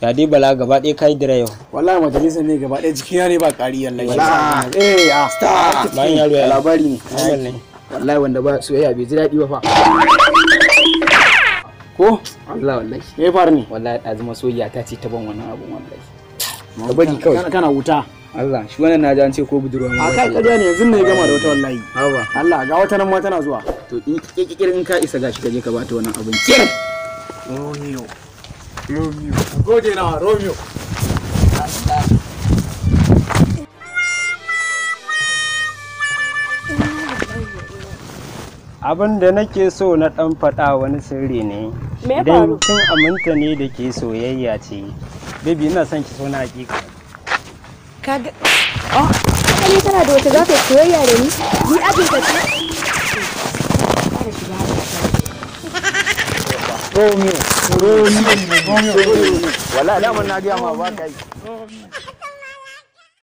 ya dai bala gaba ɗaya kai dira yau wala majalisa ne gaba ɗaya jikina ne ba ƙari yallai wala eh a ah. star bayan yaro ya labari ne wallahi wanda ba soyayya bai ji daɗi ba fa ko wallahi wallahi me faru ne wallahi zama soyayya ta ce ta ban wannan abun wallahi ka bari kawai kana wuta Allah shi wannan na an ce ko budurwa a akai kaje ne yanzu ne gama da wata wallahi Allah ga wata nan ma tana zuwa to in kikirin ka isa gashi kaje ka bata wannan abun kin oh Romeo. Gode na Romeo. Abin da nake so na ɗan faɗa wani sirri ne. Me kin aminta ne da ke soyayya ce. Baby ina son ki so na hakika. Kaga. Oh, kana da wata za ka soyayya da ni? Ni abin ka ce. Romeo. Romeo. Romeo. Wallahi daman na gaya ma ba kai.